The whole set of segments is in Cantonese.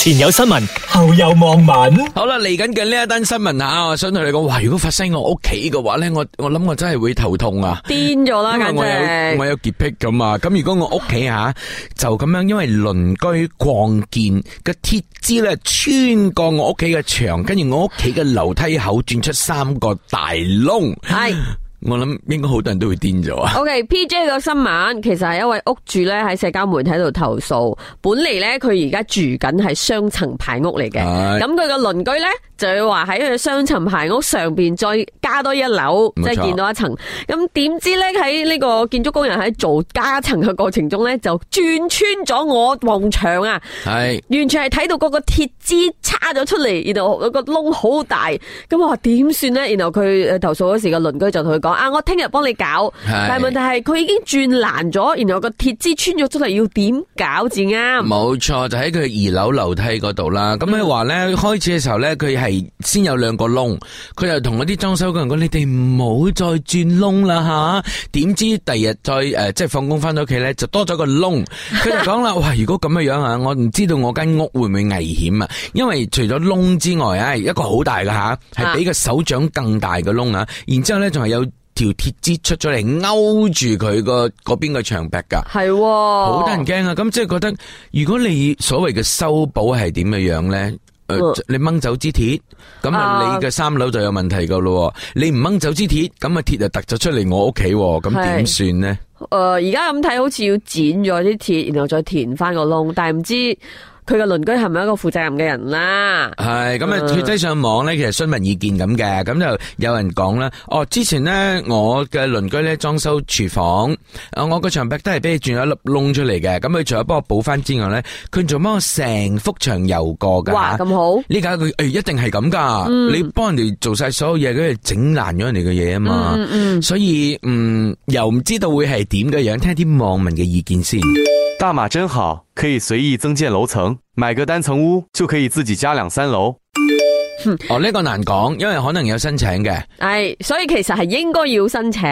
前有新聞，後有網民。好啦，嚟緊嘅呢一單新聞啊，我想同你講，哇！如果發生我屋企嘅話咧，我我諗我真係會頭痛啊，癲咗啦，因為我有姐姐我有潔癖噶嘛。咁如果我屋企吓就咁樣，因為鄰居擴建嘅鐵枝咧穿過我屋企嘅牆，跟住我屋企嘅樓梯口轉出三個大窿，係。我諗應該好多人都會癲咗啊！OK，P.J. 個新聞其實係一位屋主咧喺社交媒體度投訴，本嚟咧佢而家住緊係雙層排屋嚟嘅，咁佢個鄰居咧。就要話喺佢雙層排屋上邊再加多一樓，即係沒錯 見到一層。咁點知咧喺呢個建築工人喺做加層嘅過程中咧，就轉穿咗我牆啊！係是 完全係睇到嗰個鐵枝叉咗出嚟，然後個窿好大。咁我話點算咧？然後佢投訴嗰時個鄰居就同佢講：，啊，我聽日幫你搞。是 但係問題係佢已經轉爛咗，然後個鐵枝穿咗出嚟，要點搞至啱？冇錯，就喺佢二樓樓梯嗰度啦。咁佢話咧，開始嘅時候咧，佢係。先有兩個窿，佢就同嗰啲裝修工人講：你哋唔好再轉窿啦吓。點知第二日再誒，即係放工翻到屋企咧，就多咗個窿。佢就講啦：，哇、 呃！如果咁嘅樣我唔知道我間屋會唔會危險啊？因為除咗窿之外啊，一個好大嘅吓，係比個手掌更大嘅窿啊。然之後咧，仲係有條鐵枝出咗嚟勾住佢個嗰邊嘅牆壁噶，係好得人驚啊！咁即係覺得，如果你所謂嘅修補係點嘅樣咧？誒、呃，你掹走支鐵，咁啊，你嘅三樓就有問題噶咯。你唔掹走支鐵，咁啊，鐵就突咗出嚟我屋企，咁點算呢？誒，而家咁睇，好似要剪咗啲鐵，然後再填翻個窿，但係唔知。佢嘅鄰居係咪一個負責任嘅人啦？係咁啊！佢即係上網咧，其實詢問意見咁嘅，咁就有人講啦。哦，之前咧我嘅鄰居咧裝修廚房，啊，我個牆壁都係俾你鑽咗一粒窿出嚟嘅。咁佢除咗幫我補翻之外咧，佢仲幫我成幅牆油過㗎。哇，咁好！呢家佢誒一定係咁㗎。你幫人哋做曬所有嘢，佢整爛咗人哋嘅嘢啊嘛。嗯嗯。所以嗯，又唔知道會係點嘅樣，聽啲網民嘅意見先。大馬真好，可以隨意增建樓層，買個單層屋就可以自己加兩三樓。 哦，呢、這個難講，因為可能有申請嘅。係、哎，所以其實係應該要申請，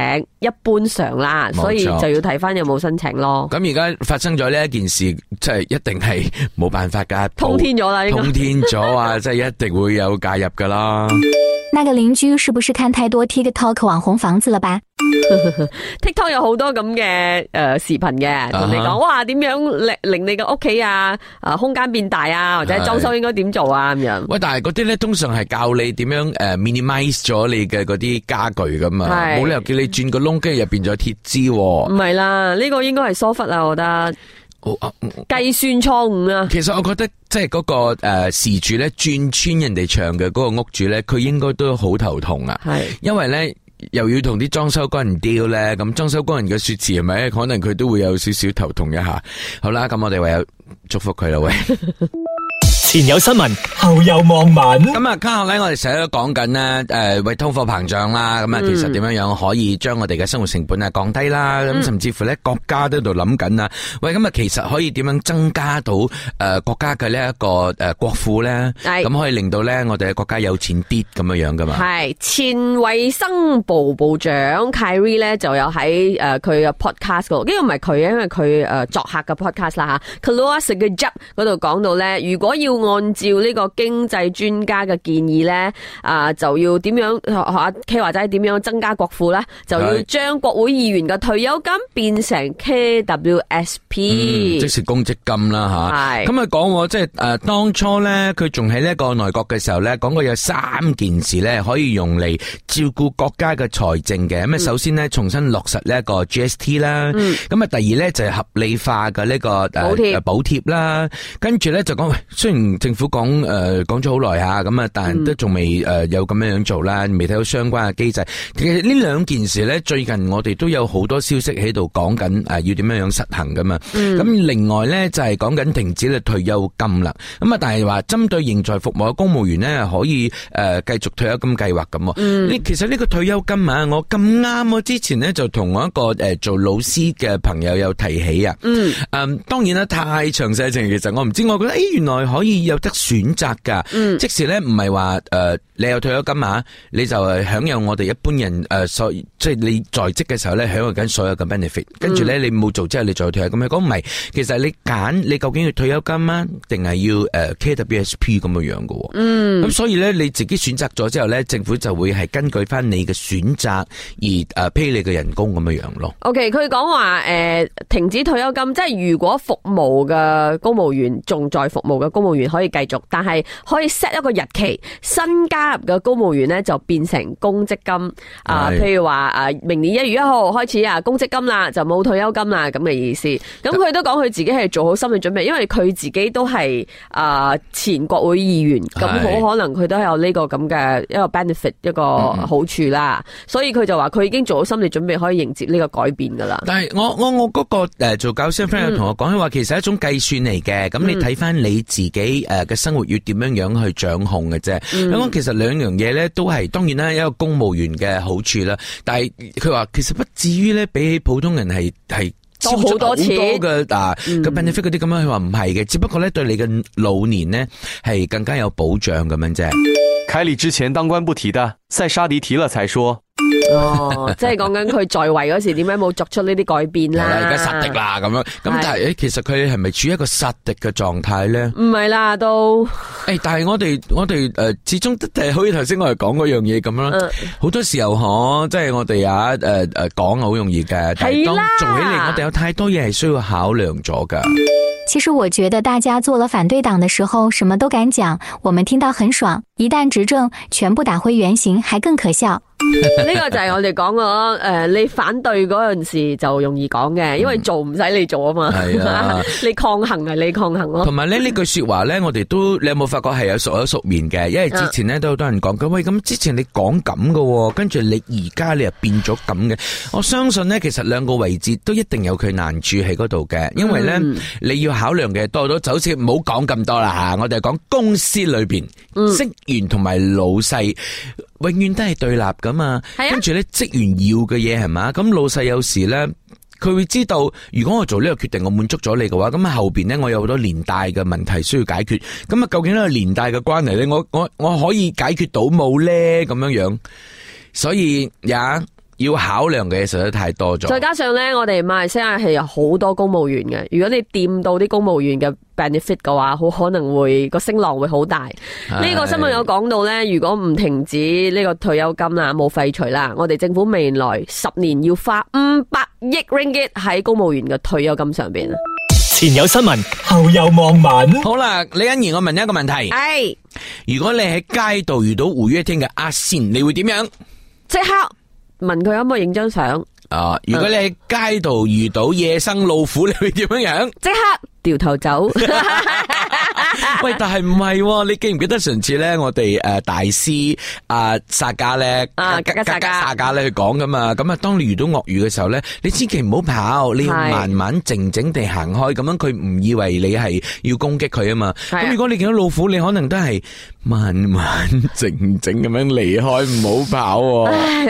一般上啦，錯所以就要睇返有冇申請咯。咁而家發生咗呢一件事，即、就、係、是、一定係冇辦法噶，通天咗啦，這個、通天咗啊， 即係一定會有介入噶啦。家嘅鄰居是不是看太多 TikTok 網紅房子了吧 ？TikTok 有好多咁嘅誒視頻嘅，同、呃、你講、uh huh. 哇，點樣令令你嘅屋企啊啊空間變大啊，或者裝修應該點做啊咁是樣。喂，但係嗰啲咧通常係教你點樣誒、呃、minimize 咗你嘅嗰啲家具噶嘛，冇是理由叫你轉個窿，跟住入邊咗鐵枝。唔係、啊、啦，呢、這個應該係疏忽啦，我覺得。計算錯誤啊！啊其實我覺得即係嗰個誒事主咧，轉穿人哋牆嘅嗰個屋主咧，佢應該都好頭痛啊！係，是的 因為咧又要同啲裝修工人 deal 咧，咁裝修工人嘅說辭係咪？可能佢都會有少少頭痛一下。好啦，咁我哋唯有祝福佢啦，喂。 前有新聞，後有網民。咁啊，家下咧，我哋成日都講緊啦，誒、欸，為通貨膨脹啦。咁啊，其實點樣樣可以將我哋嘅生活成本啊降低啦。咁、嗯、甚至乎咧，國家都喺度諗緊啊。喂、欸，咁啊，其實可以點樣增加到誒國家嘅呢一個誒國富咧？咁是 可以令到咧我哋嘅國家有錢啲咁樣樣噶嘛？係前衛生部部長 Khairy 咧，就有喺誒佢嘅 podcast 嗰，呢個唔係佢因為佢誒作客嘅 podcast 啦吓。Keluar Sekejap 嗰度講到咧，如果要按照呢個經濟專家嘅建議咧，啊就要點樣學阿 K 華仔點樣增加國庫咧？就要將國會議員嘅退休金變成 KWSP，、嗯、即是公積金啦吓。咁是啊講我即係誒、啊、當初咧，佢仲喺呢個內閣嘅時候咧，講過有三件事咧可以用嚟照顧國家嘅財政嘅。咁啊，首先咧重新落實呢一個 GST 啦。咁啊、嗯，第二咧就係、是、合理化嘅呢、這個誒補、啊、貼，貼啦，跟住咧就講雖然。政府講誒講咗好耐吓，咁、呃、啊，但係都仲未誒有咁樣樣做啦，未睇、嗯、到相關嘅機制。其實呢兩件事呢，最近我哋都有好多消息喺度講緊誒，要點樣樣實行噶嘛。咁、嗯、另外呢，就係講緊停止咧退休金啦。咁啊，但係話針對仍在服務嘅公務員呢，可以誒繼、呃、續退休金計劃咁。嗯，其實呢個退休金啊，我咁啱我之前呢，就同我一個誒做老師嘅朋友有提起啊。嗯，嗯，當然啦，太詳細情其實我唔知，我覺得原來可以，有得選擇噶，即時咧唔係話誒，你有退休金啊，你就誒享有我哋一般人誒所即係你在職嘅時候咧，享有緊所有嘅 benefit，跟住咧你冇做之後你再退休咁樣，咁講唔係，其實你揀你究竟要退休金啊，定係要誒 KWSP 咁嘅樣嘅，咁所以咧你自己選擇咗之後咧，政府就會係根據翻你嘅選擇而誒批你嘅人工咁嘅樣咯。OK，佢講話誒停止退休金，即係如果服務嘅公務員仲在服務嘅公務員。可以繼續，但係可以 set 一個日期，新加入嘅公務員咧就變成公積金是啊，譬如話明年一月一號開始啊，公積金啦就冇退休金啦咁嘅意思。咁佢都講佢自己係做好心理準備，因為佢自己都係誒、呃、前國會議員，咁好可能佢都有呢個咁嘅一個 benefit 是一個好處啦。所以佢就話佢已經做好心理準備，可以迎接呢個改變噶啦。但係我我我嗰、那個誒、呃、做教師 friend 同我講，佢話、嗯、其實係一種計算嚟嘅，咁你睇翻你自己。嗯誒嘅生活要點樣樣去掌控嘅啫，咁樣、嗯、其實兩樣嘢咧都係當然啦，一個公務員嘅好處啦。但係佢話其實不至於咧，比起普通人係係多好多，多錢嘅嗱個 benefit 嗰啲咁樣，佢話唔係嘅，只不過咧對你嘅老年咧係更加有保障咁樣啫。凱里之前當官不提的，賽沙迪提了才說。哦， 即係講緊佢在位嗰時點解冇作出呢啲改變啦。而家實敵啦咁樣，咁但係誒，是其實佢係咪處於一個實敵嘅狀態咧？唔係啦，都誒、欸，但係我哋我哋誒、呃，始終好似頭先我哋講嗰樣嘢咁啦。好、嗯、多時候嗬，即係我哋啊誒誒講好容易嘅，但係當做起嚟我哋有太多嘢係需要考量咗噶。其實我覺得大家做了反對黨的時候，什麼都敢講，我們聽到很爽；一旦執政，全部打回原形，還更可笑。呢個就係我哋講過誒，你反對嗰陣時就容易講嘅，因為做唔使你做啊嘛，你抗衡，係你抗衡咯。同埋咧，呢句說話咧，我哋都你有冇發覺係有熟口熟面嘅？因為之前咧都好多人講過，咁喂，咁之前你講咁噶，跟住你而家你又變咗咁嘅。我相信咧，其實兩個位置都一定有佢難處喺嗰度嘅，因為咧你要考量嘅多咗。就好似唔好講咁多啦吓，我哋講公司裏邊職員同埋老細。永遠都係對立噶嘛，跟住咧職員要嘅嘢係嘛，咁老細有時咧，佢會知道如果我做呢個決定，我滿足咗你嘅話，咁後邊咧我有好多連帶嘅問題需要解決，咁啊究竟呢個連帶嘅關係咧，我我我可以解決到冇咧咁樣樣，所以呀。要考量嘅嘢實在太多咗，再加上咧，我哋馬來西亞係有好多公務員嘅。如果你掂到啲公務員嘅 benefit 嘅話，好可能會個聲浪會好大。呢個新聞有講到咧，如果唔停止呢個退休金啦，冇廢除啦，我哋政府未來十年要花五百億 ringgit 喺公務員嘅退休金上邊啊。前有新聞，後有網民。好啦，李欣怡，我問一個問題：，係如果你喺街道遇到胡月聽嘅阿仙，你會點樣？即刻。問佢可唔可以影張相？啊、哦！如果你喺街度遇到野生老虎，嗯、你會點樣樣？即刻掉頭走。 喂，但係唔係？你記唔記得上次咧，我哋誒大師啊沙家咧，沙家呢加加加加加沙家咧去講㗎嘛。咁啊，當你遇到鱷魚嘅時候咧，你千祈唔好跑，你要慢慢靜靜地行開，咁是的 樣佢唔以為你係要攻擊佢啊嘛。咁是的 如果你見到老虎，你可能都係慢慢靜靜咁樣離開，唔、 啊、好跑喎。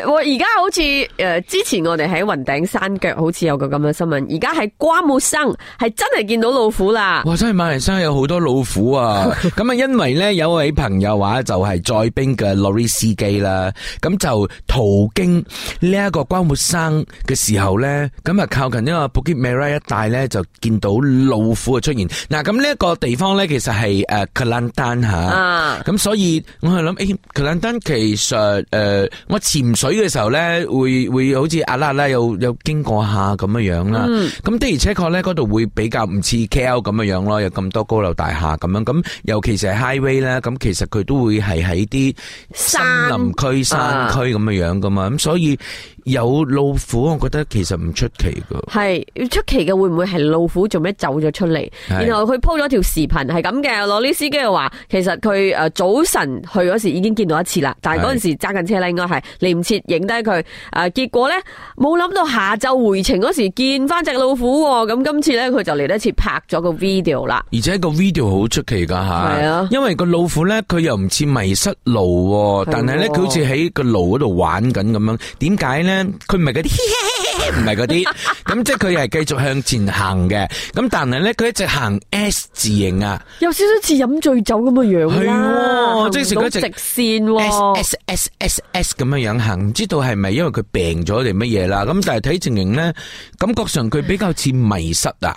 而家好似誒，之前我哋喺雲頂山腳，好似有個咁嘅新聞，而家係瓜冇生，係真係見到老虎啦。哇，真係馬來西亞有好多老虎。虎啊！咁啊，因為咧有位朋友話就係載兵嘅 lorry 司機啦，咁就途經呢一個關末山嘅時候咧，咁啊靠近呢個 Bukit Merah 一帶咧，就見到老虎嘅出現。嗱，咁呢一個地方咧，其實係誒吉蘭丹吓，咁所以我係諗誒吉蘭丹其實誒我潛水嘅時候咧，會會好似阿拉啦有有經過下咁嘅樣啦，咁的而且確咧嗰度會比較唔似 KL 咁嘅樣咯，有咁多高樓大廈。咁樣咁，尤其是係 highway 呢，咁其實佢都會係喺啲森林區、山區咁樣樣噶嘛，咁、啊、所以，有老虎，我覺得其實唔出奇噶係要出奇嘅，會唔會係老虎做咩走咗出嚟？是然後佢鋪咗條視頻係咁嘅，羅啲司機又話，其實佢誒早晨去嗰時已經見到一次啦，但係嗰陣時揸緊車咧，應該係嚟唔切影低佢。誒、啊，結果咧冇諗到下晝回程嗰時見翻隻老虎，咁、啊、今次咧佢就嚟得切拍咗個 video 啦。而且個 video 好出奇噶吓，啊、因為個老虎咧佢又唔似迷失路，啊、但係咧佢好似喺個路嗰度玩緊咁樣，點解咧？佢唔係嗰啲，唔係嗰啲，咁 即係佢又係繼續向前行嘅，咁但係咧佢一直行 S 字形啊，有少少似飲醉酒咁嘅樣啦，係，即係行唔到直線啊，S S S S 咁樣樣行，唔知道係咪因為佢病咗定乜嘢啦，咁但係睇情形咧，感覺上佢比較似迷失啊。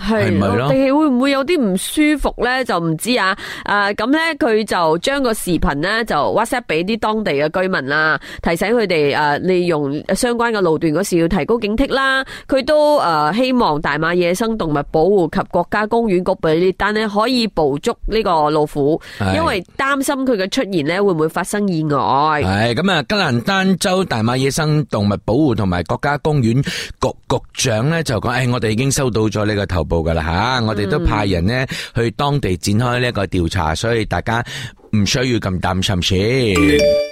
係，地會唔會有啲唔舒服咧？就唔知啊。誒，咁咧佢就將個視頻咧就 WhatsApp 俾啲當地嘅居民啦，提醒佢哋誒利用相關嘅路段嗰時要提高警惕啦。佢都誒希望大馬野生動物保護及國家公園局俾呢單咧可以捕捉呢個老虎，因為擔心佢嘅出現咧會唔會發生意外。係咁啊！吉蘭丹州大馬野生動物保護同埋國家公園局局長咧就講：誒，我哋已經收到咗呢個投。噶啦吓，嗯、我哋都派人去當地展開呢一個調查，所以大家唔需要咁擔心先。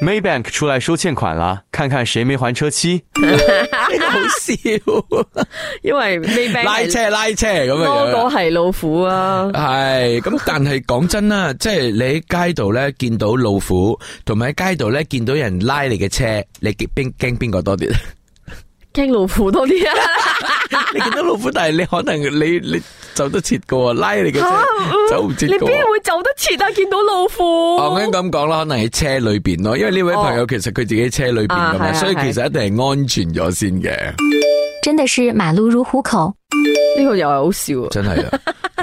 Maybank 出嚟收欠款啦，看看誰沒還車期。好笑， 因為 Maybank 拉車拉車，多個係老虎啊。係，咁但係講真啦， 即係你喺街度咧見到老虎，同埋喺街度咧見到人拉你嘅車，你驚驚邊個多啲？驚老虎多啲啊！ 你，你，¿oh? 你，你，你見到老虎，但係你可能你你走得切嘅喎，拉你嘅車走唔切。你邊會走得切啊？見到老虎。我應該咁講啦，可能喺車裏邊咯，因為呢位朋友其實佢自己喺車裏邊嘅嘛，oh. 所以其實一定係安全咗先嘅。Oh. Yeah. Yeah. 真的是馬路如虎口，呢個又係好笑，真係啊！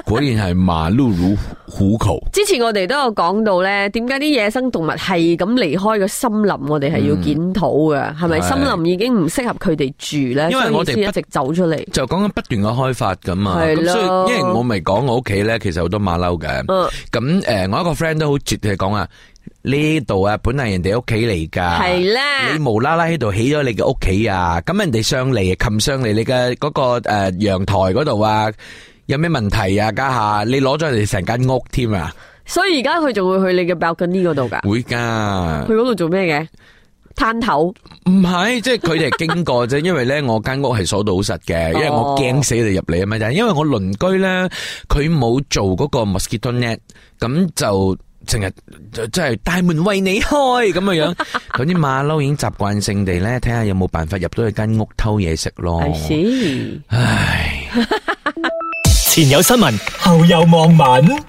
果然係馬騮如虎口。之前我哋都有講到咧，點解啲野生動物係咁離開個森林？我哋係要檢討嘅，係咪森林已經唔適合佢哋住咧？因為我哋一直走出嚟，就講緊不斷嘅開發咁啊。係咯，所以因為我咪講我屋企咧，其實好多馬騮嘅。嗯，咁誒，我一個 friend 都好絕嘅講啊，呢度啊，本嚟人哋屋企嚟噶，係啦，你無啦啦喺度起咗你嘅屋企啊，咁人哋上嚟冚上嚟你嘅嗰個誒陽台嗰度啊。有咩問題啊家下？你攞咗人哋成間屋添啊！所以而家佢仲會去你嘅 balcony 嗰度噶？會噶，去嗰度做咩嘅？探頭？唔係，即係佢哋經過啫。因為咧，我間屋係鎖到好實嘅，因為我驚死你入嚟啊嘛。就係因為我鄰居咧，佢冇做嗰個 mosquito net，咁就成日即係大門為你開咁樣樣。嗰啲馬騮已經習慣性地咧，睇下有冇辦法入到去間屋偷嘢食咯。係。唉。前有新聞，後有網文。